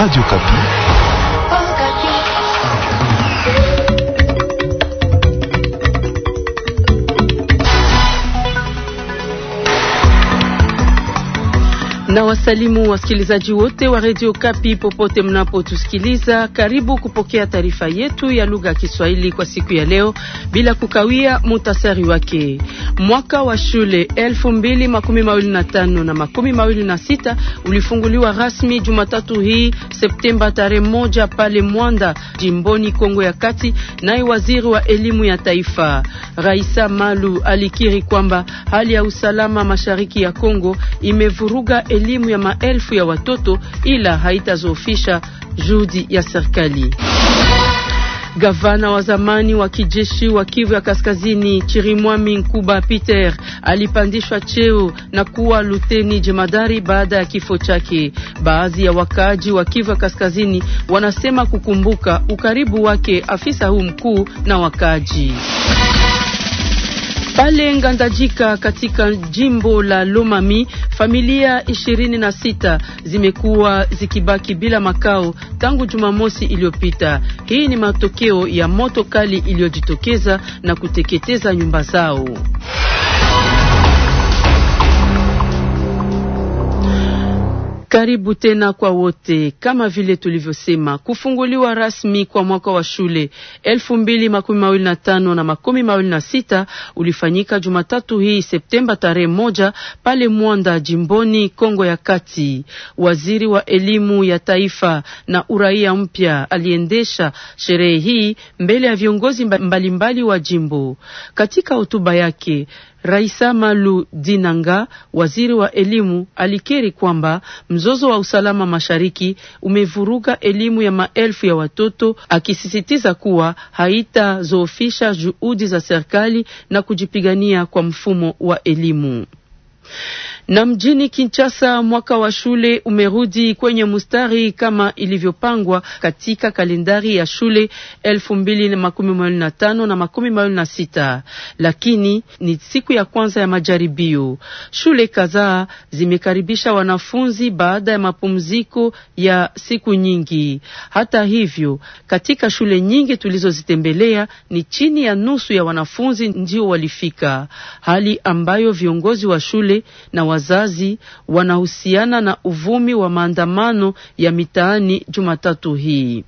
Radio Capi. Na wasalimu wasikilizaji wote wa Radio Kapi popote mnapotusikiliza, karibu kupokea taarifa yetu ya lugha ya Kiswahili kwa siku ya leo, bila kukawia mutasari wake. Mwaka wa shule 2025 na 2026 ulifunguliwa rasmi Jumatatu hii Septemba tarehe moja pale Mwanda jimboni Kongo ya Kati. Naye waziri wa elimu ya taifa Raisa Malu alikiri kwamba hali ya usalama mashariki ya Kongo imevuruga elimu ya maelfu ya watoto, ila haitazoofisha juhudi ya serikali. Gavana wa zamani wa kijeshi wa Kivu ya Kaskazini Chirimwami Nkuba Peter alipandishwa cheo na kuwa luteni jemadari baada ya kifo chake. Baadhi ya wakaaji wa Kivu ya Kaskazini wanasema kukumbuka ukaribu wake afisa huu mkuu na wakaaji. Pale Ngandajika katika jimbo la Lomami, familia 26 zimekuwa zikibaki bila makao tangu Jumamosi iliyopita. Hii ni matokeo ya moto kali iliyojitokeza na kuteketeza nyumba zao. Karibu tena kwa wote. Kama vile tulivyosema, kufunguliwa rasmi kwa mwaka wa shule elfu mbili makumi mawili na tano na makumi mawili na sita ulifanyika Jumatatu hii Septemba tarehe moja pale Mwanda jimboni Kongo ya Kati. Waziri wa elimu ya taifa na uraia mpya aliendesha sherehe hii mbele ya viongozi mbalimbali mbali wa jimbo. Katika hotuba yake, Raisa Malu Dinanga, waziri wa elimu, alikiri kwamba mzozo wa usalama mashariki umevuruga elimu ya maelfu ya watoto, akisisitiza kuwa haitazoofisha juhudi za serikali na kujipigania kwa mfumo wa elimu. Na mjini Kinshasa, mwaka wa shule umerudi kwenye mustari kama ilivyopangwa katika kalendari ya shule elfu mbili na makumi mawili na tano na makumi mawili na sita lakini ni siku ya kwanza ya majaribio. Shule kadhaa zimekaribisha wanafunzi baada ya mapumziko ya siku nyingi. Hata hivyo, katika shule nyingi tulizozitembelea ni chini ya nusu ya wanafunzi ndio walifika, hali ambayo viongozi wa shule na wazazi wanahusiana na uvumi wa maandamano ya mitaani Jumatatu hii.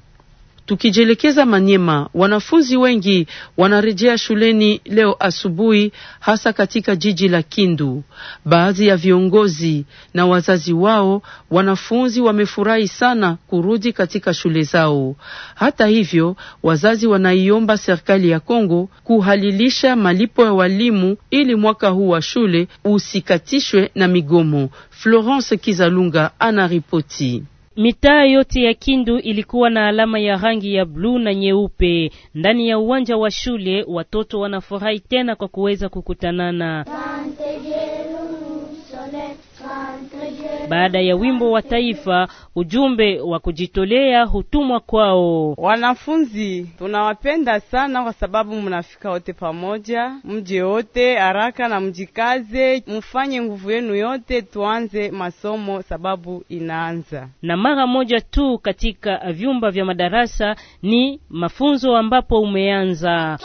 Tukijielekeza Manyema, wanafunzi wengi wanarejea shuleni leo asubuhi, hasa katika jiji la Kindu. Baadhi ya viongozi na wazazi wao, wanafunzi wamefurahi sana kurudi katika shule zao. Hata hivyo, wazazi wanaiomba serikali ya Kongo kuhalilisha malipo ya walimu ili mwaka huu wa shule usikatishwe na migomo. Florence Kizalunga anaripoti. Mitaa yote ya Kindu ilikuwa na alama ya rangi ya bluu na nyeupe. Ndani ya uwanja wa shule watoto wanafurahi tena kwa kuweza kukutanana. Baada ya wimbo wa taifa, ujumbe wa kujitolea hutumwa kwao. Wanafunzi, tunawapenda sana kwa sababu mnafika wote pamoja, mje wote haraka na mjikaze, mfanye nguvu yenu yote, tuanze masomo sababu inaanza. Na mara moja tu katika vyumba vya madarasa ni mafunzo ambapo umeanza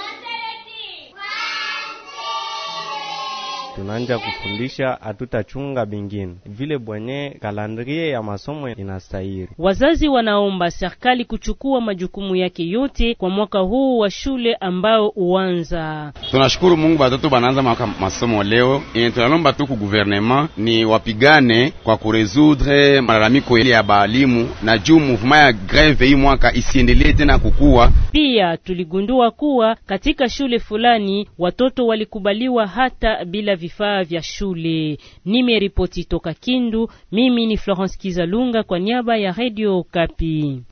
tunanja kufundisha, hatutachunga bingine vile bwenye kalandrie ya masomo inastahili. Wazazi wanaomba serikali kuchukua majukumu yake yote kwa mwaka huu wa shule ambao uanza. Tunashukuru Mungu batoto banaanza masomo leo. E, eh, tunalomba tu guvernema ni wapigane kwa kuresudre malalamiko ile ya baalimu na juu mouvement ya greve hii mwaka isiendelee tena kukua. Pia tuligundua kuwa katika shule fulani watoto walikubaliwa hata bila vifaa vya shule. Nimeripoti toka Kindu, mimi ni Florence Kizalunga kwa niaba ya Radio Kapi.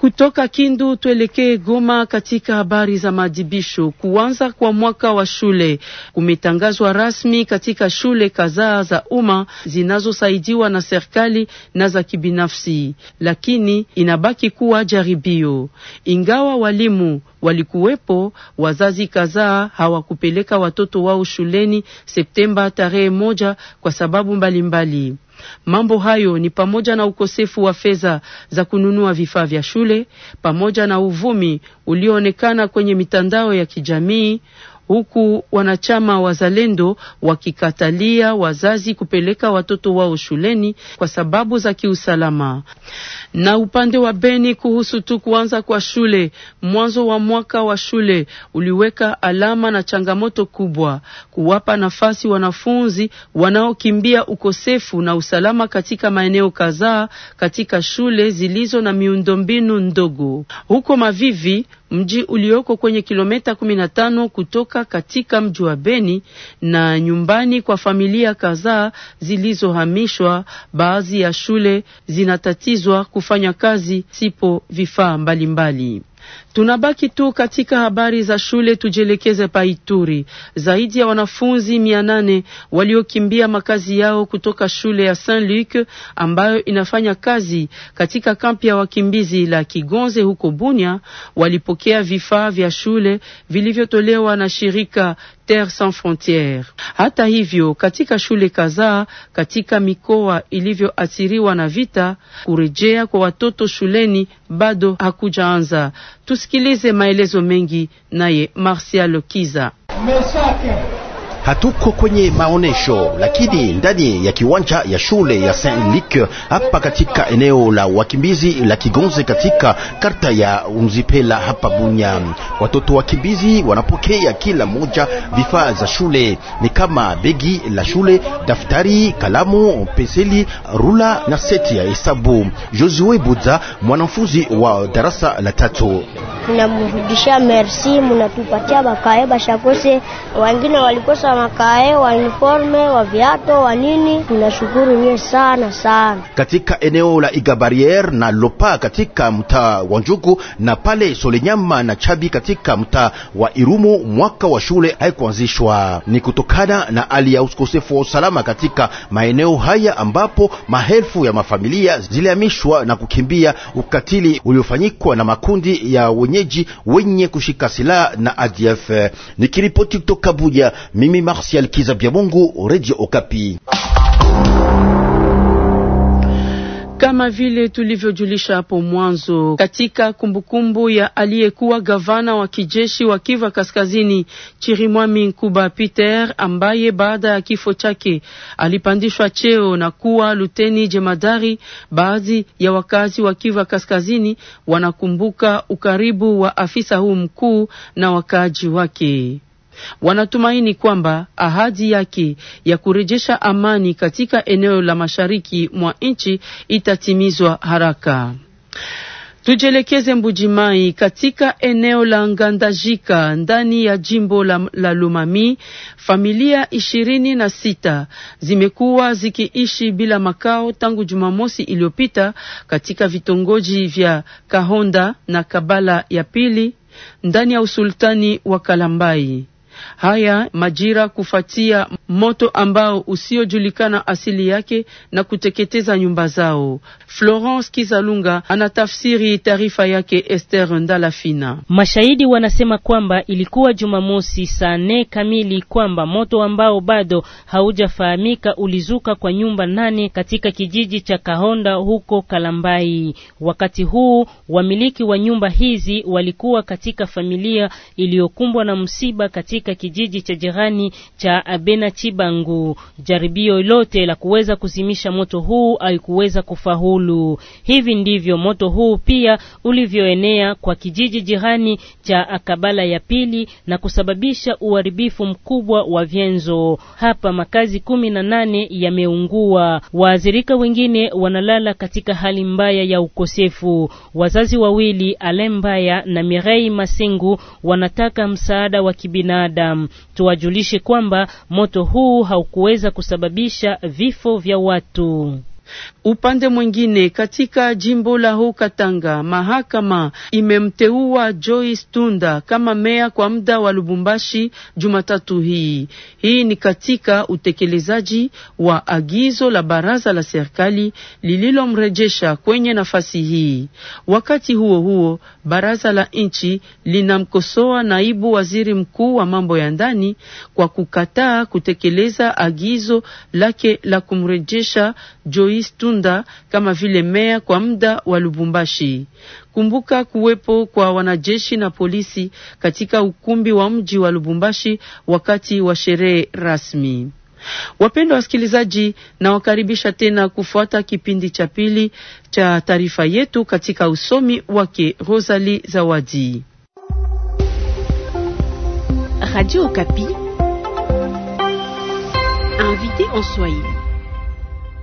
Kutoka Kindu tuelekee Goma katika habari za maadhibisho. Kuanza kwa mwaka wa shule kumetangazwa rasmi katika shule kadhaa za umma zinazosaidiwa na serikali na za kibinafsi, lakini inabaki kuwa jaribio. Ingawa walimu walikuwepo, wazazi kadhaa hawakupeleka watoto wao shuleni Septemba tarehe moja kwa sababu mbalimbali mbali. Mambo hayo ni pamoja na ukosefu wa fedha za kununua vifaa vya shule pamoja na uvumi ulioonekana kwenye mitandao ya kijamii, huku wanachama wazalendo wakikatalia wazazi kupeleka watoto wao shuleni kwa sababu za kiusalama. Na upande wa Beni, kuhusu tu kuanza kwa shule, mwanzo wa mwaka wa shule uliweka alama na changamoto kubwa, kuwapa nafasi wanafunzi wanaokimbia ukosefu na usalama katika maeneo kadhaa katika shule zilizo na miundombinu ndogo. Huko Mavivi, mji ulioko kwenye kilomita 15 kutoka kutoka katika mji wa Beni na nyumbani kwa familia kadhaa zilizohamishwa. Baadhi ya shule zinatatizwa kufanya kazi sipo vifaa mbalimbali. Tunabaki tu katika habari za shule, tujielekeze pa Ituri. Zaidi ya wanafunzi mia nane waliokimbia makazi yao kutoka shule ya Saint Luc ambayo inafanya kazi katika kampi ya wakimbizi la Kigonze huko Bunya walipokea vifaa vya shule vilivyotolewa na shirika Terre Sans Frontiere. Hata hivyo, katika shule kadhaa katika mikoa ilivyoathiriwa na vita, kurejea kwa watoto shuleni bado hakujaanza. Tusikilize maelezo mengi naye Martial Kiza Mesake hatuko kwenye maonesho, lakini ndani ya kiwanja ya shule ya Saint Luc hapa katika eneo la wakimbizi la Kigonze katika karta ya Unzipela hapa Bunya. Watoto wakimbizi wanapokea kila mmoja vifaa za shule, ni kama begi la shule, daftari, kalamu, penseli, rula na seti ya hesabu. Josue Budza mwanafunzi wa darasa la tatu tunamrudishia merci, mnatupatia makae bashakose. Wengine walikosa makae wa uniforme wa viato wa nini. Tunashukuru nyie sana sana. Katika eneo la Igabariere na Lopa katika mtaa wa Njugu na pale Solenyama na Chabi katika mtaa wa Irumu, mwaka wa shule haikuanzishwa ni kutokana na hali ya ukosefu wa usalama katika maeneo haya, ambapo maelfu ya mafamilia zilihamishwa na kukimbia ukatili uliofanyikwa na makundi ya wenye wenyeji wenye kushika silaha na ADF. Nikiripoti kutoka Buja, mimi Martial Kiza Mungu, Radio Okapi. Kama vile tulivyojulisha hapo mwanzo, katika kumbukumbu kumbu ya aliyekuwa gavana wa kijeshi wa Kiva Kaskazini Chirimwami Nkuba Peter, ambaye baada ya kifo chake alipandishwa cheo na kuwa luteni jemadari, baadhi ya wakazi wa Kiva Kaskazini wanakumbuka ukaribu wa afisa huu mkuu na wakaaji wake. Wanatumaini kwamba ahadi yake ya kurejesha amani katika eneo la mashariki mwa nchi itatimizwa haraka. Tujielekeze Mbujimai katika eneo la Ngandajika ndani ya jimbo la, la Lumami. Familia ishirini na sita zimekuwa zikiishi bila makao tangu Jumamosi iliyopita katika vitongoji vya Kahonda na Kabala ya pili ndani ya usultani wa Kalambai. Haya majira kufuatia moto ambao usiojulikana asili yake na kuteketeza nyumba zao. Florence Kizalunga anatafsiri taarifa yake Esther Ndalafina. Mashahidi wanasema kwamba ilikuwa Jumamosi saa nne kamili kwamba moto ambao bado haujafahamika ulizuka kwa nyumba nane katika kijiji cha Kahonda huko Kalambai. Wakati huu wamiliki wa nyumba hizi walikuwa katika familia iliyokumbwa na msiba katika katika kijiji cha jirani cha Abena Chibangu. Jaribio lote la kuweza kuzimisha moto huu haikuweza kufaulu. Hivi ndivyo moto huu pia ulivyoenea kwa kijiji jirani cha Akabala ya pili na kusababisha uharibifu mkubwa wa vyenzo. Hapa makazi kumi na nane yameungua. Waathirika wengine wanalala katika hali mbaya ya ukosefu. Wazazi wawili Alembaya na Mirei masingu wanataka msaada wa kibinadamu binadamu. Tuwajulishe kwamba moto huu haukuweza kusababisha vifo vya watu. Upande mwingine, katika jimbo la Haut-Katanga, mahakama imemteua Joyce Tunda kama meya kwa muda wa Lubumbashi Jumatatu hii. Hii ni katika utekelezaji wa agizo la baraza la serikali lililomrejesha kwenye nafasi hii. Wakati huo huo, baraza la nchi linamkosoa naibu waziri mkuu wa mambo ya ndani kwa kukataa kutekeleza agizo lake la kumrejesha Joyce Moise Tunda kama vile meya kwa muda wa Lubumbashi. Kumbuka kuwepo kwa wanajeshi na polisi katika ukumbi wa mji wa Lubumbashi wakati wa sherehe rasmi. Wapendwa wasikilizaji, nawakaribisha tena kufuata kipindi cha pili cha taarifa yetu katika usomi wake rosali Zawadi. Radio Okapi. Invité en Swahili.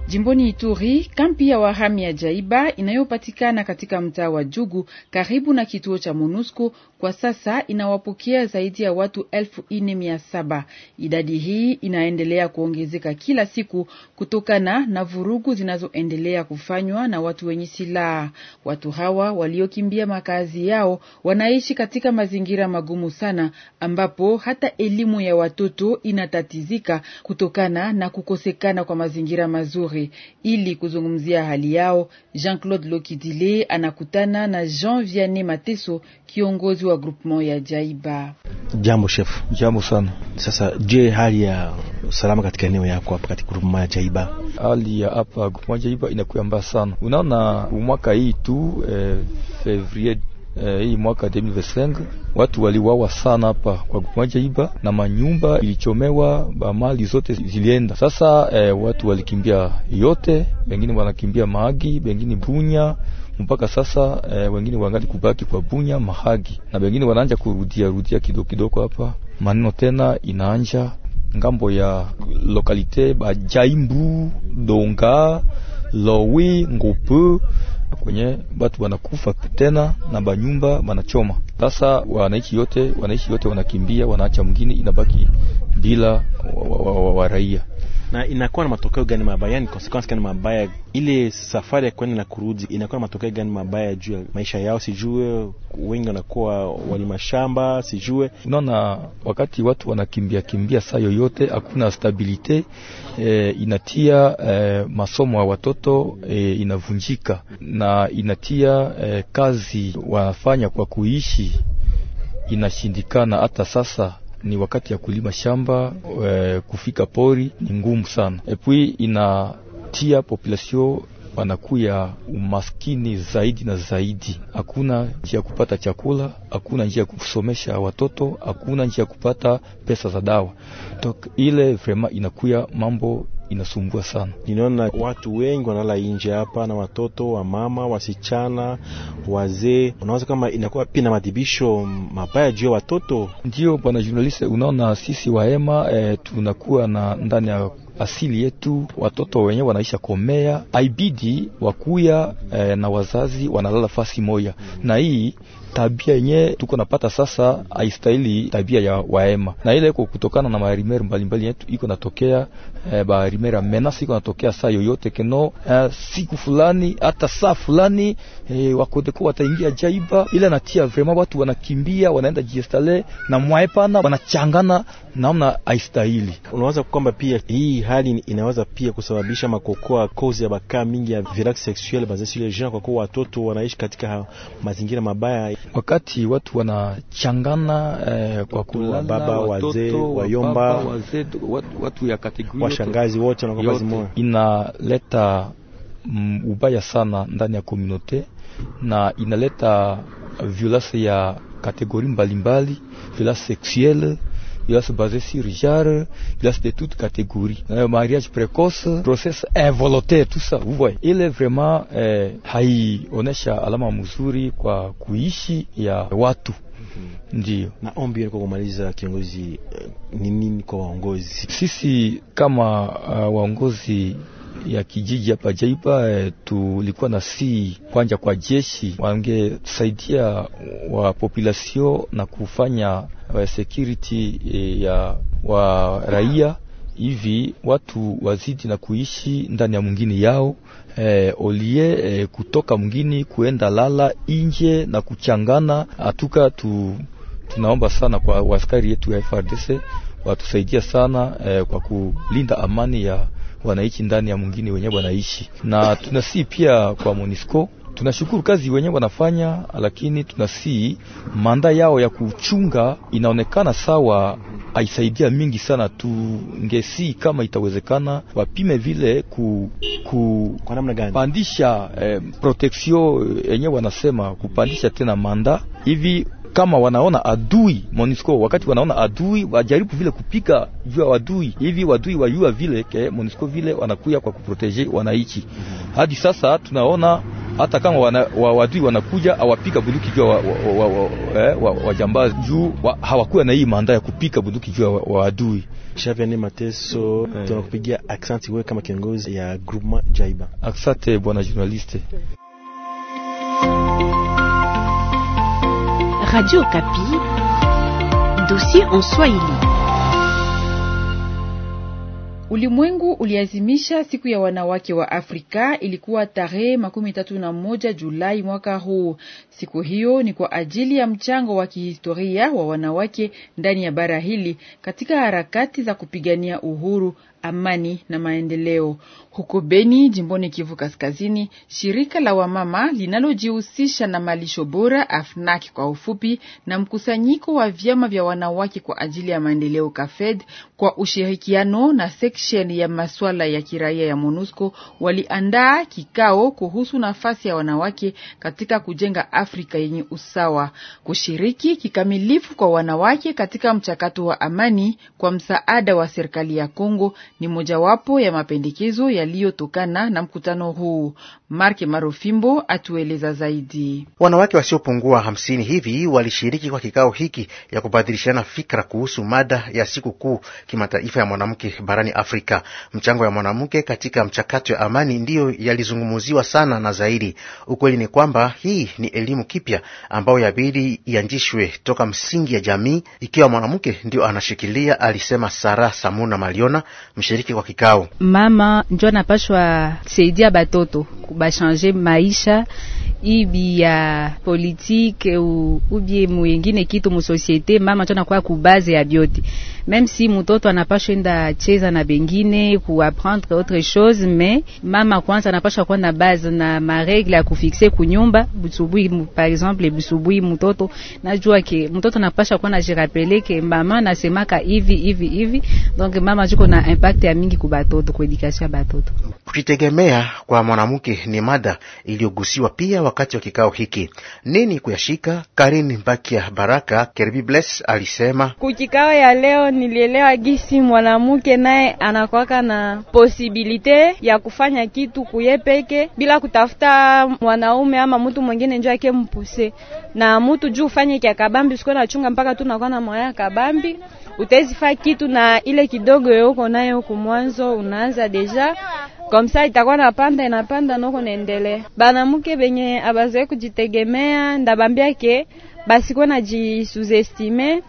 Jimboni Ituri, kampi ya wahami ya Jaiba inayopatikana katika mtaa wa Jugu karibu na kituo cha MONUSCO kwa sasa inawapokea zaidi ya watu elfu nne mia saba. Idadi hii inaendelea kuongezeka kila siku kutokana na vurugu zinazoendelea kufanywa na watu wenye silaha. Watu hawa waliokimbia makazi yao wanaishi katika mazingira magumu sana, ambapo hata elimu ya watoto inatatizika kutokana na kukosekana kwa mazingira mazuri. Ituri. Ili kuzungumzia hali yao, Jean-Claude Lokidile anakutana na Jean Viane Mateso, kiongozi wa groupement ya Jaiba. Jambo chef. Jambo sana. Sasa je, hali ya salama katika eneo yako hapa katika groupement ya Jaiba? Hali ya hapa groupement ya Jaiba inakuwa mbaya sana. Unaona mwaka hii tu eh, Februari Eh, hii e, mwaka 2025 watu waliwawa sana hapa kwa kukumwaja iba na manyumba ilichomewa, mali zote zilienda. Sasa e, watu walikimbia yote, wengine wanakimbia Mahagi, wengine Bunya mpaka sasa e, wengine wangali kubaki kwa Bunya Mahagi, na wengine wanaanja kurudia rudia kidogo kidogo hapa. Maneno tena inaanja ngambo ya lokalite bajaimbu donga lowi ngupu kwenye batu wanakufa tena na banyumba banachoma. Sasa wanaishi yote, wanaishi yote wanakimbia, wanaacha mwingine inabaki bila waraia wa, wa, wa, wa na inakuwa na matokeo gani mabaya, yani consequence gani mabaya? Ile safari ya kwenda na kurudi inakuwa na matokeo gani mabaya juu ya maisha yao? Sijue wengi wanakuwa walimashamba sijue unaona, wakati watu wanakimbia kimbia saa yoyote, hakuna stabilite eh, inatia eh, masomo ya watoto eh, inavunjika na inatia eh, kazi wanafanya kwa kuishi inashindikana hata sasa ni wakati ya kulima shamba e, kufika pori ni ngumu sana, epui eh, inatia population wanakuya umaskini zaidi na zaidi. Hakuna njia ya kupata chakula, hakuna njia ya kusomesha watoto, hakuna njia ya kupata pesa za dawa. Tok ile vrema inakuya mambo inasumbua sana. Ninaona watu wengi wanalala nje hapa, na watoto wa mama, wasichana, wazee. Unawaza kama inakuwa pia na madhibisho mabaya juu ya watoto. Ndio bwana journaliste, unaona sisi wahema e, eh, tunakuwa na ndani ya asili yetu watoto wenyewe wanaisha komea, aibidi wakuya e, na wazazi wanalala fasi moya, na hii tabia yenye tuko napata sasa haistahili tabia ya waema, na ile iko kutokana na marimeri mbalimbali yetu iko natokea eh, barimeri amenasi iko natokea saa yoyote keno eh, siku fulani hata saa fulani eh, wakodeko wataingia jaiba, ile natia vraiment watu wanakimbia wanaenda jiestale na mwaepana wanachangana namna haistahili. Unawaza kwamba pia hii hali inaweza pia kusababisha makokoa kozi ya bakaa mingi ya virax sexuel basée sur les gens, kwa kuwa watoto wanaishi katika mazingira mabaya wakati watu wanachangana eh, kwa kula baba wazee wayomba waze, watu, ya kategoria washangazi wote na kazi moja inaleta mm, ubaya sana ndani ya komunote na inaleta violence ya kategori mbalimbali violence sexuelle il va se baser sur genre, il a de toutes catégories. Euh, mariage précoce, grossesse involontaire, tout ça, vous voyez. Ile vraiment eh, haionesha alama mzuri kwa kuishi ya watu mhm. Ndiyo. Na ombi kwa kumaliza, kiongozi e, ni nini kwa waongozi? Sisi kama uh, waongozi ya kijiji hapa Jaiba eh, tulikuwa na si kwanja kwa jeshi wangesaidia wa population na kufanya security e, ya wa raia hivi watu wazidi na kuishi ndani ya mwingine yao e, olie e, kutoka mwingine kuenda lala inje na kuchangana atuka tu, tunaomba sana kwa waskari yetu ya FRDC watusaidia sana e, kwa kulinda amani ya wanaishi ndani ya mwingine wenyewe wanaishi, na tunasii pia kwa MONUSCO Tunashukuru kazi wenyewe wanafanya, lakini tunasii manda yao ya kuchunga inaonekana sawa, aisaidia mingi sana. ngesi kama itawezekana wapime vile ku, ku pandisha eh, protection yenye wanasema kupandisha tena manda hivi kama wanaona adui Monisco, wakati wanaona adui wajaribu vile kupika juu ya adui hivi, wadui wajua vile ke Monisco vile wanakuya kwa kuproteje wanaichi. Mhm. Hadi sasa tunaona hata kama wana, wa, wadui wanakuja awapika bunduki juu wa, wa, wa, eh, wa, wajambazi juu wa, hawakuwa na hii manda ya kupika bunduki juu wa wadui. Chaviane Mateso, eh. tunakupigia aksanti wewe kama kiongozi ya grupma Jaiba. Asante eh, bwana journaliste. Radio Kapi, dossier en Swahili. Ulimwengu uliazimisha siku ya wanawake wa Afrika, ilikuwa tarehe makumi tatu na moja Julai mwaka huu. Siku hiyo ni kwa ajili ya mchango wa kihistoria wa wanawake ndani ya bara hili katika harakati za kupigania uhuru amani na maendeleo. Huko Beni, jimboni Kivu Kaskazini, shirika la wamama linalojihusisha na malisho bora AFNAK kwa ufupi, na mkusanyiko wa vyama vya wanawake kwa ajili ya maendeleo KAFED kwa ushirikiano na section ya masuala ya kiraia ya MONUSCO waliandaa kikao kuhusu nafasi ya wanawake katika kujenga Afrika yenye usawa, kushiriki kikamilifu kwa wanawake katika mchakato wa amani kwa msaada wa serikali ya Kongo ni mojawapo ya mapendekezo yaliyotokana na mkutano huu. Mark Marofimbo atueleza zaidi. Wanawake wasiopungua hamsini hivi walishiriki kwa kikao hiki ya kubadilishana fikra kuhusu mada ya siku kuu kimataifa ya mwanamke barani Afrika. Mchango ya mwanamke katika mchakato ya amani ndiyo yalizungumuziwa sana na zaidi. Ukweli ni kwamba hii ni elimu kipya ambayo yabidi ianjishwe toka msingi ya jamii, ikiwa mwanamke ndio anashikilia, alisema Sara Samuna Maliona, mshiriki kushiriki kwa kikao. Mama njo anapashwa saidia batoto kubashanje maisha ibi ya politike ubie mwingine kitu musosiete. Mama njo anakuwa kubaze ya byote, meme si mtoto anapashwa enda cheza na bengine kuaprendre autre chose, me mama kwanza anapashwa kuwa na base na maregle ya kufixe kunyumba busubui. Par exemple busubui mtoto najua ke mtoto anapashwa kuwa jirapele ke mama nasemaka hivi hivi hivi, donc mama juko na impact impakti ya mingi kubatoto kuedikasi batoto. Kujitegemea kwa mwanamke ni mada iliyogusiwa pia wakati wa kikao hiki. Nini kuyashika? Karin Mbakia Baraka Kerbi Bless alisema kukikao ya leo nilielewa gisi mwanamke naye anakwaka na posibilite ya kufanya kitu kuye peke bila kutafuta mwanaume ama mtu mwingine njo ake mpuse na mtu juu ufanye kia kabambi sikuwa nachunga mpaka tu nakuwa na moya kabambi utawezi faa kitu na ile kidogo yoko nayo mwanzo unaanza deja komsa itakuwa napanda inapanda noko naendelea. Banamuke benye abazoe kujitegemea, ndabambia ke basikuwa najisuzestime,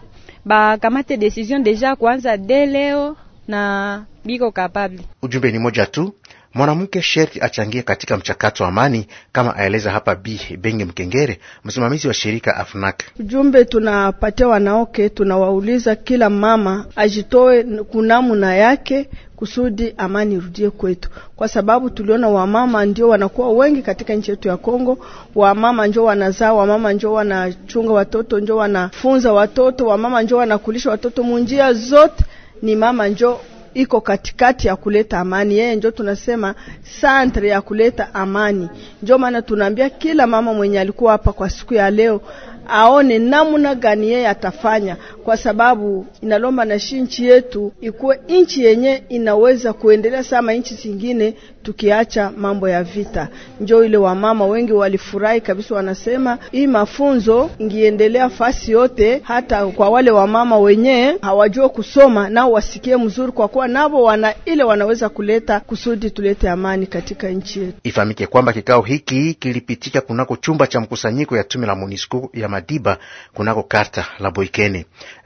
bakamate decision deja kuanza de leo na biko capable Ujumbe ni moja tu mwanamke sherti achangie katika mchakato wa amani, kama aeleza hapa Bi Bengi Mkengere, msimamizi wa shirika Afnak. Ujumbe tunapatia wanaoke, tunawauliza kila mama ajitoe kunamuna yake kusudi amani irudie kwetu, kwa sababu tuliona wamama ndio wanakuwa wengi katika nchi yetu ya Kongo. Wamama njo wanazaa, wamama njo wanachunga watoto, njo wanafunza watoto, wamama njo wanakulisha watoto munjia zote, ni mama njo iko katikati ya kuleta amani. Yeye ndio tunasema santre ya kuleta amani. Ndio maana tunaambia kila mama mwenye alikuwa hapa kwa siku ya leo aone namna gani yeye atafanya, kwa sababu inalomba na shi nchi yetu ikuwe nchi yenye inaweza kuendelea sama nchi zingine tukiacha mambo ya vita. Njoo ile wamama wengi walifurahi kabisa, wanasema hii mafunzo ingiendelea fasi yote, hata kwa wale wamama wenyewe hawajua kusoma, nao wasikie mzuri, kwa kuwa navo wana ile wanaweza kuleta kusudi tulete amani katika nchi yetu. Ifahamike kwamba kikao hiki kilipitika kunako chumba cha mkusanyiko ya tume la MONUSCO ya Madiba kunako karta la Boikene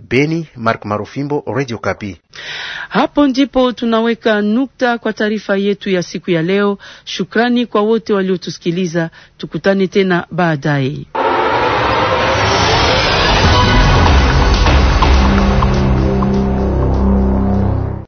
Beni. Mark Marufimbo, Radio Kapi. Hapo ndipo tunaweka nukta kwa taarifa yetu ya siku siku ya leo. Shukrani kwa wote waliotusikiliza, tukutane tena baadaye.